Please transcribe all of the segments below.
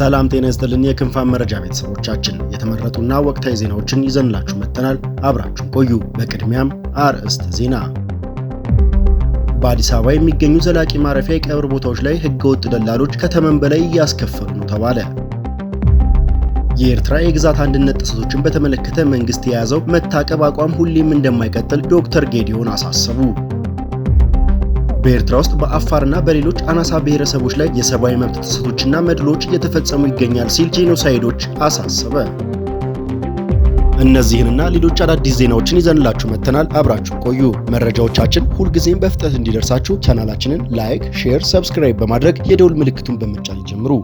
ሰላም ጤና ይስጥልን። የክንፋን መረጃ ቤተሰቦቻችን የተመረጡና ወቅታዊ ዜናዎችን ይዘንላችሁ መጥተናል። አብራችሁ ቆዩ። በቅድሚያም አርዕስተ ዜና። በአዲስ አበባ የሚገኙ ዘላቂ ማረፊያ የቀብር ቦታዎች ላይ ህገወጥ ደላሎች ከተመን በላይ እያስከፈሉ ነው ተባለ። የኤርትራ የግዛት አንድነት ጥሰቶችን በተመለከተ መንግስት የያዘው መታቀብ አቋም ሁሌም እንደማይቀጥል ዶክተር ጌዲዮን አሳሰቡ። በኤርትራ ውስጥ በአፋርና በሌሎች አናሳ ብሔረሰቦች ላይ የሰብአዊ መብት ጥሰቶችና መድሎች እየተፈጸሙ ይገኛል ሲል ጄኖሳይዶች አሳሰበ። እነዚህንና ሌሎች አዳዲስ ዜናዎችን ይዘንላችሁ መጥተናል። አብራችሁ ቆዩ። መረጃዎቻችን ሁልጊዜም በፍጥነት እንዲደርሳችሁ ቻናላችንን ላይክ፣ ሼር፣ ሰብስክራይብ በማድረግ የደውል ምልክቱን በመጫን ጀምሩ።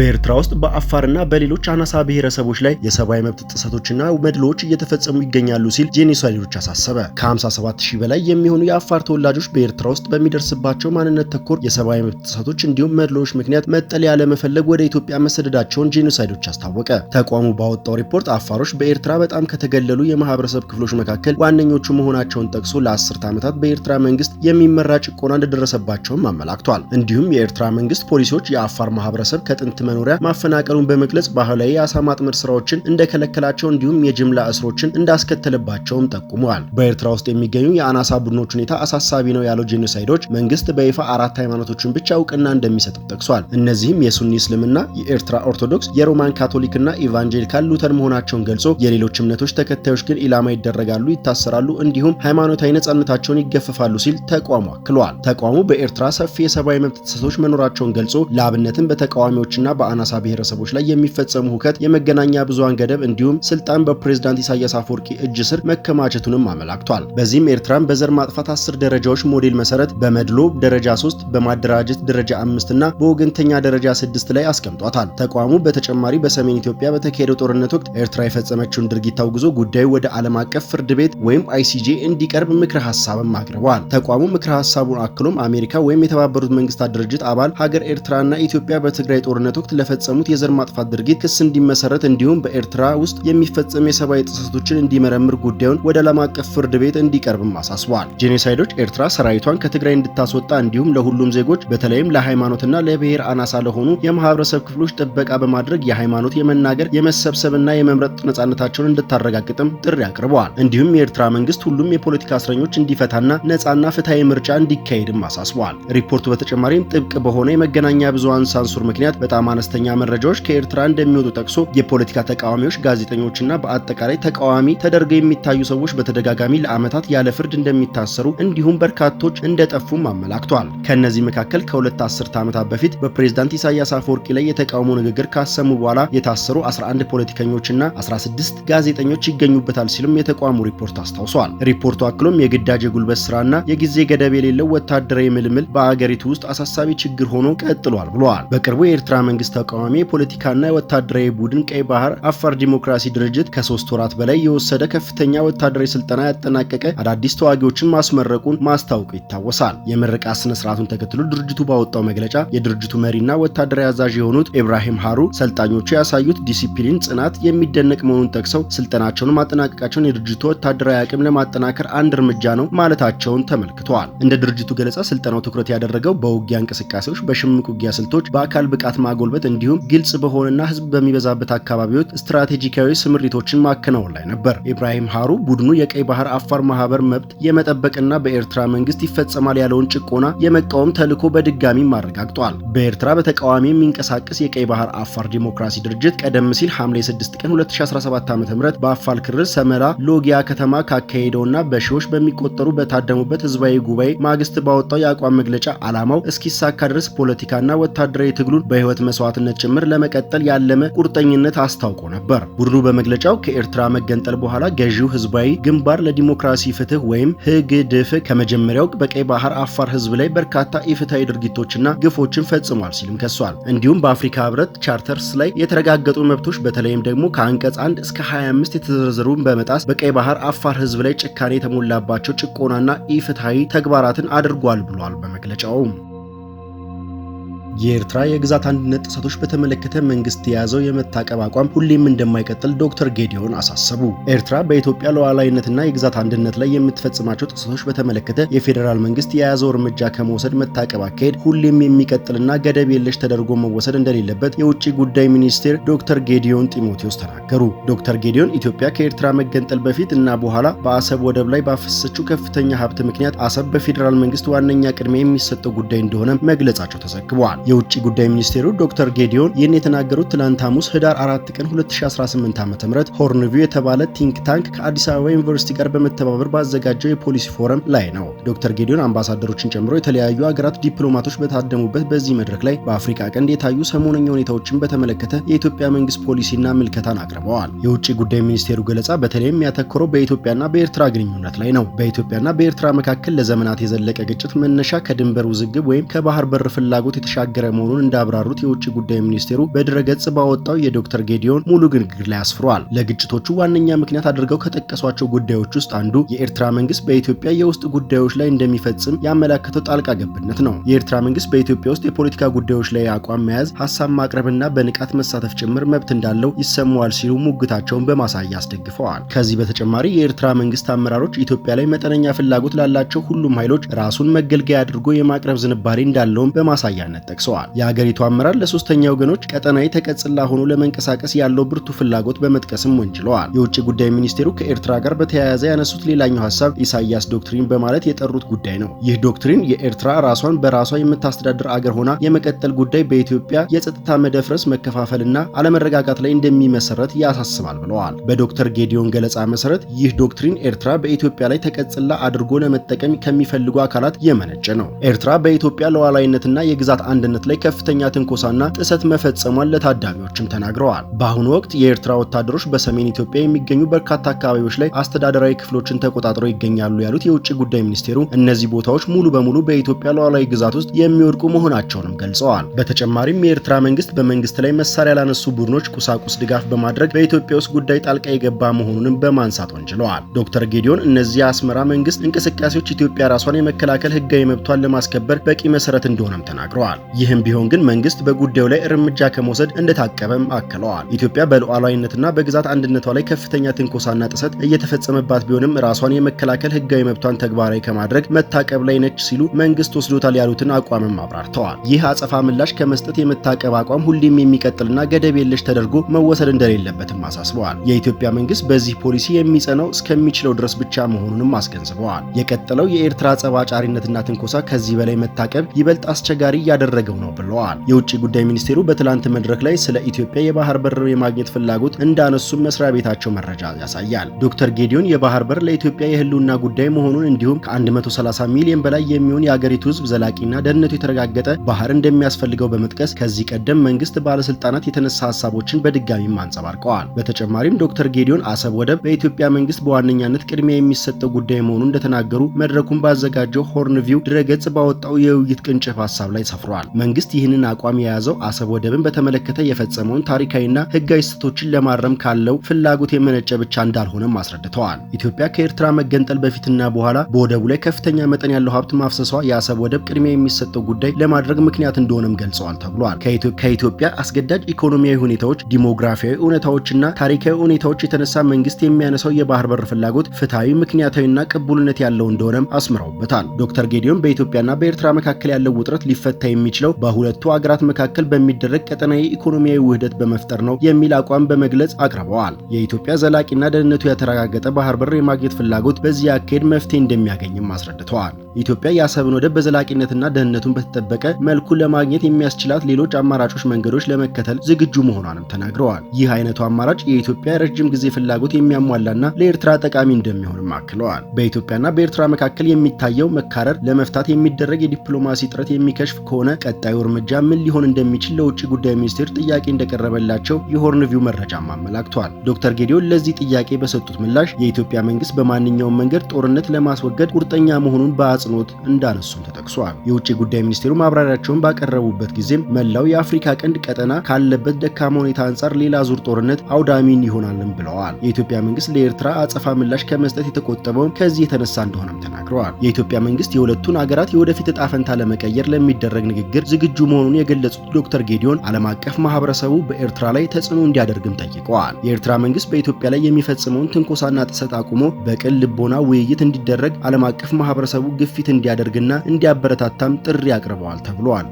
በኤርትራ ውስጥ በአፋርና በሌሎች አናሳ ብሔረሰቦች ላይ የሰብአዊ መብት ጥሰቶችና መድሎዎች እየተፈጸሙ ይገኛሉ ሲል ጄኔሳይዶች አሳሰበ። ከ57 ሺህ በላይ የሚሆኑ የአፋር ተወላጆች በኤርትራ ውስጥ በሚደርስባቸው ማንነት ተኮር የሰብአዊ መብት ጥሰቶች እንዲሁም መድሎዎች ምክንያት መጠለያ ለመፈለግ ወደ ኢትዮጵያ መሰደዳቸውን ጄኔሳይዶች አስታወቀ። ተቋሙ ባወጣው ሪፖርት አፋሮች በኤርትራ በጣም ከተገለሉ የማህበረሰብ ክፍሎች መካከል ዋነኞቹ መሆናቸውን ጠቅሶ ለአስርተ ዓመታት በኤርትራ መንግስት የሚመራ ጭቆና እንደደረሰባቸውም አመላክቷል። እንዲሁም የኤርትራ መንግስት ፖሊሲዎች የአፋር ማህበረሰብ ከጥንት መኖሪያ ማፈናቀሉን በመግለጽ ባህላዊ የአሳ ማጥመድ ስራዎችን እንደከለከላቸው እንዲሁም የጅምላ እስሮችን እንዳስከተለባቸውም ጠቁመዋል። በኤርትራ ውስጥ የሚገኙ የአናሳ ቡድኖች ሁኔታ አሳሳቢ ነው ያለው ጄኖሳይዶች መንግስት በይፋ አራት ሃይማኖቶችን ብቻ እውቅና እንደሚሰጥም ጠቅሷል። እነዚህም የሱኒ እስልምና፣ የኤርትራ ኦርቶዶክስ፣ የሮማን ካቶሊክና ኢቫንጀሊካል ሉተር መሆናቸውን ገልጾ የሌሎች እምነቶች ተከታዮች ግን ኢላማ ይደረጋሉ፣ ይታሰራሉ፣ እንዲሁም ሃይማኖታዊ ነጻነታቸውን ይገፈፋሉ ሲል ተቋሙ አክለዋል። ተቋሙ በኤርትራ ሰፊ የሰብአዊ መብት ጥሰቶች መኖራቸውን ገልጾ ለአብነትም በተቃዋሚዎችና በአናሳ ብሔረሰቦች ላይ የሚፈጸሙ ሁከት፣ የመገናኛ ብዙሃን ገደብ እንዲሁም ስልጣን በፕሬዝዳንት ኢሳያስ አፈወርቂ እጅ ስር መከማቸቱንም አመላክቷል። በዚህም ኤርትራን በዘር ማጥፋት አስር ደረጃዎች ሞዴል መሰረት በመድሎ ደረጃ 3 በማደራጀት ደረጃ አምስት እና በወገንተኛ ደረጃ ስድስት ላይ አስቀምጧታል። ተቋሙ በተጨማሪ በሰሜን ኢትዮጵያ በተካሄደው ጦርነት ወቅት ኤርትራ የፈጸመችውን ድርጊት አውግዞ ጉዳዩ ወደ ዓለም አቀፍ ፍርድ ቤት ወይም አይሲጄ እንዲቀርብ ምክረ ሀሳብም አቅርበዋል። ተቋሙ ምክረ ሀሳቡን አክሎም አሜሪካ ወይም የተባበሩት መንግስታት ድርጅት አባል ሀገር ኤርትራና ኢትዮጵያ በትግራይ ጦርነት ወቅት ለፈጸሙት የዘር ማጥፋት ድርጊት ክስ እንዲመሰረት እንዲሁም በኤርትራ ውስጥ የሚፈጸሙ የሰብአዊ ጥሰቶችን እንዲመረምር ጉዳዩን ወደ ዓለም አቀፍ ፍርድ ቤት እንዲቀርብም አሳስበዋል። ጄኔሳይዶች ኤርትራ ሰራዊቷን ከትግራይ እንድታስወጣ እንዲሁም ለሁሉም ዜጎች በተለይም ለሃይማኖትና ለብሔር አናሳ ለሆኑ የማህበረሰብ ክፍሎች ጥበቃ በማድረግ የሃይማኖት የመናገር የመሰብሰብና የመምረጥ ነጻነታቸውን እንድታረጋግጥም ጥሪ አቅርበዋል። እንዲሁም የኤርትራ መንግስት ሁሉም የፖለቲካ እስረኞች እንዲፈታና ነጻና ፍትሐዊ ምርጫ እንዲካሄድም አሳስበዋል። ሪፖርቱ በተጨማሪም ጥብቅ በሆነ የመገናኛ ብዙሃን ሳንሱር ምክንያት በጣም አነስተኛ መረጃዎች ከኤርትራ እንደሚወጡ ጠቅሶ የፖለቲካ ተቃዋሚዎች፣ ጋዜጠኞችና በአጠቃላይ ተቃዋሚ ተደርገው የሚታዩ ሰዎች በተደጋጋሚ ለዓመታት ያለ ፍርድ እንደሚታሰሩ እንዲሁም በርካቶች እንደጠፉም አመላክቷል። ከእነዚህ መካከል ከሁለት አስርተ ዓመታት በፊት በፕሬዝዳንት ኢሳያስ አፈወርቂ ላይ የተቃውሞ ንግግር ካሰሙ በኋላ የታሰሩ 11 ፖለቲከኞችና 16 ጋዜጠኞች ይገኙበታል ሲልም የተቋሙ ሪፖርት አስታውሷል። ሪፖርቱ አክሎም የግዳጅ የጉልበት ስራና የጊዜ ገደብ የሌለው ወታደራዊ ምልምል በአገሪቱ ውስጥ አሳሳቢ ችግር ሆኖ ቀጥሏል ብለዋል። በቅርቡ የኤርትራ መንግስት መንግስት ተቃዋሚ የፖለቲካና የወታደራዊ ቡድን ቀይ ባህር አፋር ዲሞክራሲ ድርጅት ከሶስት ወራት በላይ የወሰደ ከፍተኛ ወታደራዊ ስልጠና ያጠናቀቀ አዳዲስ ተዋጊዎችን ማስመረቁን ማስታወቁ ይታወሳል። የምርቃት ስነ ስርዓቱን ተከትሎ ድርጅቱ ባወጣው መግለጫ የድርጅቱ መሪና ወታደራዊ አዛዥ የሆኑት ኢብራሂም ሀሩ ሰልጣኞቹ ያሳዩት ዲሲፕሊን፣ ጽናት የሚደነቅ መሆኑን ጠቅሰው ስልጠናቸውን ማጠናቀቃቸውን የድርጅቱ ወታደራዊ አቅም ለማጠናከር አንድ እርምጃ ነው ማለታቸውን ተመልክተዋል። እንደ ድርጅቱ ገለጻ ስልጠናው ትኩረት ያደረገው በውጊያ እንቅስቃሴዎች፣ በሽምቅ ውጊያ ስልቶች፣ በአካል ብቃት ማጎል በማጎልበት እንዲሁም ግልጽ በሆነና ህዝብ በሚበዛበት አካባቢዎች ስትራቴጂካዊ ስምሪቶችን ማከናወን ላይ ነበር። ኢብራሂም ሃሩ ቡድኑ የቀይ ባህር አፋር ማህበር መብት የመጠበቅና በኤርትራ መንግስት ይፈጸማል ያለውን ጭቆና የመቃወም ተልዕኮ በድጋሚ አረጋግጧል። በኤርትራ በተቃዋሚ የሚንቀሳቀስ የቀይ ባህር አፋር ዲሞክራሲ ድርጅት ቀደም ሲል ሐምሌ 6 ቀን 2017 ዓ.ም በአፋር ክልል ሰመራ ሎጊያ ከተማ ካካሄደውና በሺዎች በሚቆጠሩ በታደሙበት ህዝባዊ ጉባኤ ማግስት ባወጣው የአቋም መግለጫ ዓላማው እስኪሳካ ድረስ ፖለቲካና ወታደራዊ ትግሉን በህይወት መስ መስዋዕትነት ጭምር ለመቀጠል ያለመ ቁርጠኝነት አስታውቆ ነበር። ቡድኑ በመግለጫው ከኤርትራ መገንጠል በኋላ ገዢው ህዝባዊ ግንባር ለዲሞክራሲ ፍትህ ወይም ህግድፍ ከመጀመሪያው በቀይ ባህር አፋር ህዝብ ላይ በርካታ ኢፍትሐዊ ድርጊቶችና ግፎችን ፈጽሟል ሲልም ከሷል። እንዲሁም በአፍሪካ ህብረት ቻርተርስ ላይ የተረጋገጡ መብቶች በተለይም ደግሞ ከአንቀጽ 1 እስከ 25 የተዘረዘሩን በመጣስ በቀይ ባህር አፋር ህዝብ ላይ ጭካኔ የተሞላባቸው ጭቆናና ኢፍትሐዊ ተግባራትን አድርጓል ብሏል በመግለጫውም የኤርትራ የግዛት አንድነት ጥሰቶች በተመለከተ መንግስት የያዘው የመታቀብ አቋም ሁሌም እንደማይቀጥል ዶክተር ጌዲዮን አሳሰቡ። ኤርትራ በኢትዮጵያ ሉዓላዊነትና የግዛት አንድነት ላይ የምትፈጽማቸው ጥሰቶች በተመለከተ የፌዴራል መንግስት የያዘው እርምጃ ከመውሰድ መታቀብ አካሄድ ሁሌም የሚቀጥልና ገደብ የለሽ ተደርጎ መወሰድ እንደሌለበት የውጭ ጉዳይ ሚኒስቴር ዶክተር ጌዲዮን ጢሞቴዎስ ተናገሩ። ዶክተር ጌዲዮን ኢትዮጵያ ከኤርትራ መገንጠል በፊት እና በኋላ በአሰብ ወደብ ላይ ባፈሰችው ከፍተኛ ሀብት ምክንያት አሰብ በፌዴራል መንግስት ዋነኛ ቅድሚያ የሚሰጠው ጉዳይ እንደሆነ መግለጻቸው ተዘግቧል። የውጭ ጉዳይ ሚኒስቴሩ ዶክተር ጌዲዮን ይህን የተናገሩት ትላንት ሐሙስ ህዳር 4 ቀን 2018 ዓ.ም ሆርንቪው የተባለ ቲንክ ታንክ ከአዲስ አበባ ዩኒቨርሲቲ ጋር በመተባበር ባዘጋጀው የፖሊሲ ፎረም ላይ ነው። ዶክተር ጌዲዮን አምባሳደሮችን ጨምሮ የተለያዩ ሀገራት ዲፕሎማቶች በታደሙበት በዚህ መድረክ ላይ በአፍሪካ ቀንድ የታዩ ሰሞነኛ ሁኔታዎችን በተመለከተ የኢትዮጵያ መንግስት ፖሊሲና ምልከታን አቅርበዋል። የውጭ ጉዳይ ሚኒስቴሩ ገለጻ በተለይም የሚያተኮረው በኢትዮጵያና በኤርትራ ግንኙነት ላይ ነው። በኢትዮጵያና በኤርትራ መካከል ለዘመናት የዘለቀ ግጭት መነሻ ከድንበር ውዝግብ ወይም ከባህር በር ፍላጎት የተሻገ እየተሻገረ መሆኑን እንዳብራሩት የውጭ ጉዳይ ሚኒስቴሩ በድረገጽ ባወጣው የዶክተር ጌዲዮን ሙሉ ግንግር ላይ አስፍሯል። ለግጭቶቹ ዋነኛ ምክንያት አድርገው ከጠቀሷቸው ጉዳዮች ውስጥ አንዱ የኤርትራ መንግስት በኢትዮጵያ የውስጥ ጉዳዮች ላይ እንደሚፈጽም ያመላከተው ጣልቃ ገብነት ነው። የኤርትራ መንግስት በኢትዮጵያ ውስጥ የፖለቲካ ጉዳዮች ላይ አቋም መያዝ፣ ሀሳብ ማቅረብና በንቃት መሳተፍ ጭምር መብት እንዳለው ይሰማዋል ሲሉ ሙግታቸውን በማሳያ አስደግፈዋል። ከዚህ በተጨማሪ የኤርትራ መንግስት አመራሮች ኢትዮጵያ ላይ መጠነኛ ፍላጎት ላላቸው ሁሉም ኃይሎች ራሱን መገልገያ አድርጎ የማቅረብ ዝንባሌ እንዳለውም በማሳያነት ጠቅሰዋል። የአገሪቱ አመራር ለሶስተኛ ወገኖች ቀጠናዊ ተቀጽላ ሆኖ ለመንቀሳቀስ ያለው ብርቱ ፍላጎት በመጥቀስም ወንጅለዋል። የውጭ ጉዳይ ሚኒስቴሩ ከኤርትራ ጋር በተያያዘ ያነሱት ሌላኛው ሀሳብ ኢሳያስ ዶክትሪን በማለት የጠሩት ጉዳይ ነው። ይህ ዶክትሪን የኤርትራ ራሷን በራሷ የምታስተዳድር አገር ሆና የመቀጠል ጉዳይ በኢትዮጵያ የጸጥታ መደፍረስ፣ መከፋፈልና አለመረጋጋት ላይ እንደሚመሰረት ያሳስባል ብለዋል። በዶክተር ጌዲዮን ገለጻ መሰረት ይህ ዶክትሪን ኤርትራ በኢትዮጵያ ላይ ተቀጽላ አድርጎ ለመጠቀም ከሚፈልጉ አካላት የመነጨ ነው። ኤርትራ በኢትዮጵያ ሉዓላዊነትና የግዛት አንድ ነጻነት ላይ ከፍተኛ ትንኮሳና ጥሰት መፈጸሟን ለታዳሚዎችም ተናግረዋል። በአሁኑ ወቅት የኤርትራ ወታደሮች በሰሜን ኢትዮጵያ የሚገኙ በርካታ አካባቢዎች ላይ አስተዳደራዊ ክፍሎችን ተቆጣጥረው ይገኛሉ ያሉት የውጭ ጉዳይ ሚኒስቴሩ እነዚህ ቦታዎች ሙሉ በሙሉ በኢትዮጵያ ሉዓላዊ ግዛት ውስጥ የሚወድቁ መሆናቸውንም ገልጸዋል። በተጨማሪም የኤርትራ መንግስት በመንግስት ላይ መሳሪያ ላነሱ ቡድኖች ቁሳቁስ ድጋፍ በማድረግ በኢትዮጵያ ውስጥ ጉዳይ ጣልቃ የገባ መሆኑንም በማንሳት ወንጅለዋል። ዶክተር ጌዲዮን እነዚህ የአስመራ መንግስት እንቅስቃሴዎች ኢትዮጵያ ራሷን የመከላከል ህጋዊ መብቷን ለማስከበር በቂ መሰረት እንደሆነም ተናግረዋል። ይህም ቢሆን ግን መንግስት በጉዳዩ ላይ እርምጃ ከመውሰድ እንደታቀበም አክለዋል። ኢትዮጵያ በሉዓላዊነትና በግዛት አንድነቷ ላይ ከፍተኛ ትንኮሳና ጥሰት እየተፈጸመባት ቢሆንም ራሷን የመከላከል ህጋዊ መብቷን ተግባራዊ ከማድረግ መታቀብ ላይ ነች ሲሉ መንግስት ወስዶታል ያሉትን አቋምም አብራርተዋል። ይህ አጸፋ ምላሽ ከመስጠት የመታቀብ አቋም ሁሌም የሚቀጥልና ገደብ የለሽ ተደርጎ መወሰድ እንደሌለበትም አሳስበዋል። የኢትዮጵያ መንግስት በዚህ ፖሊሲ የሚጸናው እስከሚችለው ድረስ ብቻ መሆኑንም አስገንዝበዋል። የቀጠለው የኤርትራ ጸብ ትንኮሳ ከዚህ በላይ መታቀብ ይበልጥ አስቸጋሪ እያደረገ እያደረገው ነው ብለዋል። የውጭ ጉዳይ ሚኒስቴሩ በትላንት መድረክ ላይ ስለ ኢትዮጵያ የባህር በር የማግኘት ፍላጎት እንዳነሱም መስሪያ ቤታቸው መረጃ ያሳያል። ዶክተር ጌዲዮን የባህር በር ለኢትዮጵያ የህልውና ጉዳይ መሆኑን እንዲሁም ከ130 ሚሊዮን በላይ የሚሆን የአገሪቱ ህዝብ ዘላቂና ደህንነቱ የተረጋገጠ ባህር እንደሚያስፈልገው በመጥቀስ ከዚህ ቀደም መንግስት ባለስልጣናት የተነሳ ሀሳቦችን በድጋሚም አንጸባርቀዋል። በተጨማሪም ዶክተር ጌዲዮን አሰብ ወደብ በኢትዮጵያ መንግስት በዋነኛነት ቅድሚያ የሚሰጠው ጉዳይ መሆኑን እንደተናገሩ መድረኩን ባዘጋጀው ሆርን ቪው ድረገጽ ባወጣው የውይይት ቅንጭፍ ሀሳብ ላይ ሰፍሯል። መንግስት ይህንን አቋም የያዘው አሰብ ወደብን በተመለከተ የፈጸመውን ታሪካዊና ህጋዊ ስህተቶችን ለማረም ካለው ፍላጎት የመነጨ ብቻ እንዳልሆነም አስረድተዋል። ኢትዮጵያ ከኤርትራ መገንጠል በፊትና በኋላ በወደቡ ላይ ከፍተኛ መጠን ያለው ሀብት ማፍሰሷ የአሰብ ወደብ ቅድሚያ የሚሰጠው ጉዳይ ለማድረግ ምክንያት እንደሆነም ገልጸዋል ተብሏል። ከኢትዮጵያ አስገዳጅ ኢኮኖሚያዊ ሁኔታዎች፣ ዲሞግራፊያዊ እውነታዎችና ታሪካዊ ሁኔታዎች የተነሳ መንግስት የሚያነሳው የባህር በር ፍላጎት ፍትሐዊ፣ ምክንያታዊና ቅቡልነት ያለው እንደሆነም አስምረውበታል። ዶክተር ጌዲዮን በኢትዮጵያና በኤርትራ መካከል ያለው ውጥረት ሊፈታ የሚችለው የሚቻለው በሁለቱ አገራት መካከል በሚደረግ ቀጠናዊ ኢኮኖሚያዊ ውህደት በመፍጠር ነው የሚል አቋም በመግለጽ አቅርበዋል። የኢትዮጵያ ዘላቂና ደህንነቱ የተረጋገጠ ባህር በር የማግኘት ፍላጎት በዚህ አካሄድ መፍትሄ እንደሚያገኝም አስረድተዋል። ኢትዮጵያ የአሰብን ወደብ በዘላቂነትና ደህንነቱን በተጠበቀ መልኩ ለማግኘት የሚያስችላት ሌሎች አማራጮች መንገዶች ለመከተል ዝግጁ መሆኗንም ተናግረዋል። ይህ አይነቱ አማራጭ የኢትዮጵያ ረጅም ጊዜ ፍላጎት የሚያሟላና ለኤርትራ ጠቃሚ እንደሚሆንም አክለዋል። በኢትዮጵያና በኤርትራ መካከል የሚታየው መካረር ለመፍታት የሚደረግ የዲፕሎማሲ ጥረት የሚከሽፍ ከሆነ ቀጣዩ እርምጃ ምን ሊሆን እንደሚችል ለውጭ ጉዳይ ሚኒስቴር ጥያቄ እንደቀረበላቸው የሆርንቪው መረጃም አመላክቷል። ዶክተር ጌዲዮን ለዚህ ጥያቄ በሰጡት ምላሽ የኢትዮጵያ መንግስት በማንኛውም መንገድ ጦርነት ለማስወገድ ቁርጠኛ መሆኑን በአ በአጽንኦት እንዳነሱም ተጠቅሷል። የውጭ ጉዳይ ሚኒስቴሩ ማብራሪያቸውን ባቀረቡበት ጊዜም መላው የአፍሪካ ቀንድ ቀጠና ካለበት ደካማ ሁኔታ አንጻር ሌላ ዙር ጦርነት አውዳሚን ይሆናልን ብለዋል። የኢትዮጵያ መንግስት ለኤርትራ አጸፋ ምላሽ ከመስጠት የተቆጠበው ከዚህ የተነሳ እንደሆነም ተናግረዋል። የኢትዮጵያ መንግስት የሁለቱን አገራት የወደፊት እጣ ፈንታ ለመቀየር ለሚደረግ ንግግር ዝግጁ መሆኑን የገለጹት ዶክተር ጌዲዮን ዓለም አቀፍ ማህበረሰቡ በኤርትራ ላይ ተጽዕኖ እንዲያደርግም ጠይቀዋል። የኤርትራ መንግስት በኢትዮጵያ ላይ የሚፈጽመውን ትንኮሳና ጥሰት አቁሞ በቅን ልቦና ውይይት እንዲደረግ ዓለም አቀፍ ማህበረሰቡ ግፍ ግፊት እንዲያደርግና እንዲያበረታታም ጥሪ አቅርበዋል ተብሏል።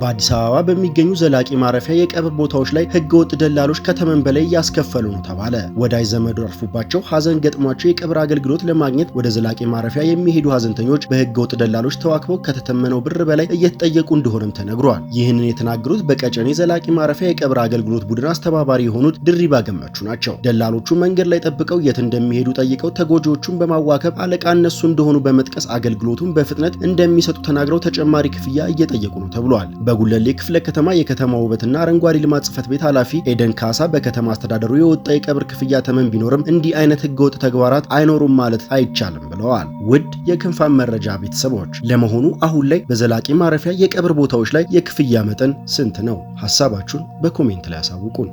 በአዲስ አበባ በሚገኙ ዘላቂ ማረፊያ የቀብር ቦታዎች ላይ ህገወጥ ደላሎች ከተመን በላይ እያስከፈሉ ነው ተባለ። ወዳጅ ዘመዱ አርፎባቸው ሀዘን ገጥሟቸው የቀብር አገልግሎት ለማግኘት ወደ ዘላቂ ማረፊያ የሚሄዱ ሀዘንተኞች በህገወጥ ደላሎች ተዋክበው ከተተመነው ብር በላይ እየተጠየቁ እንደሆነም ተነግሯል። ይህንን የተናገሩት በቀጨኔ ዘላቂ ማረፊያ የቀብር አገልግሎት ቡድን አስተባባሪ የሆኑት ድሪባ ገመቹ ናቸው። ደላሎቹ መንገድ ላይ ጠብቀው የት እንደሚሄዱ ጠይቀው ተጎጂዎቹን በማዋከብ አለቃ እነሱ እንደሆኑ በመጥቀስ አገልግሎቱን በፍጥነት እንደሚሰጡ ተናግረው ተጨማሪ ክፍያ እየጠየቁ ነው ተብሏል። በጉለሌ ክፍለ ከተማ የከተማ ውበትና አረንጓዴ ልማት ጽፈት ቤት ኃላፊ ኤደን ካሳ በከተማ አስተዳደሩ የወጣ የቀብር ክፍያ ተመን ቢኖርም እንዲህ አይነት ህገወጥ ተግባራት አይኖሩም ማለት አይቻልም ብለዋል። ውድ የክንፋን መረጃ ቤተሰቦች፣ ለመሆኑ አሁን ላይ በዘላቂ ማረፊያ የቀብር ቦታዎች ላይ የክፍያ መጠን ስንት ነው? ሀሳባችሁን በኮሜንት ላይ አሳውቁን።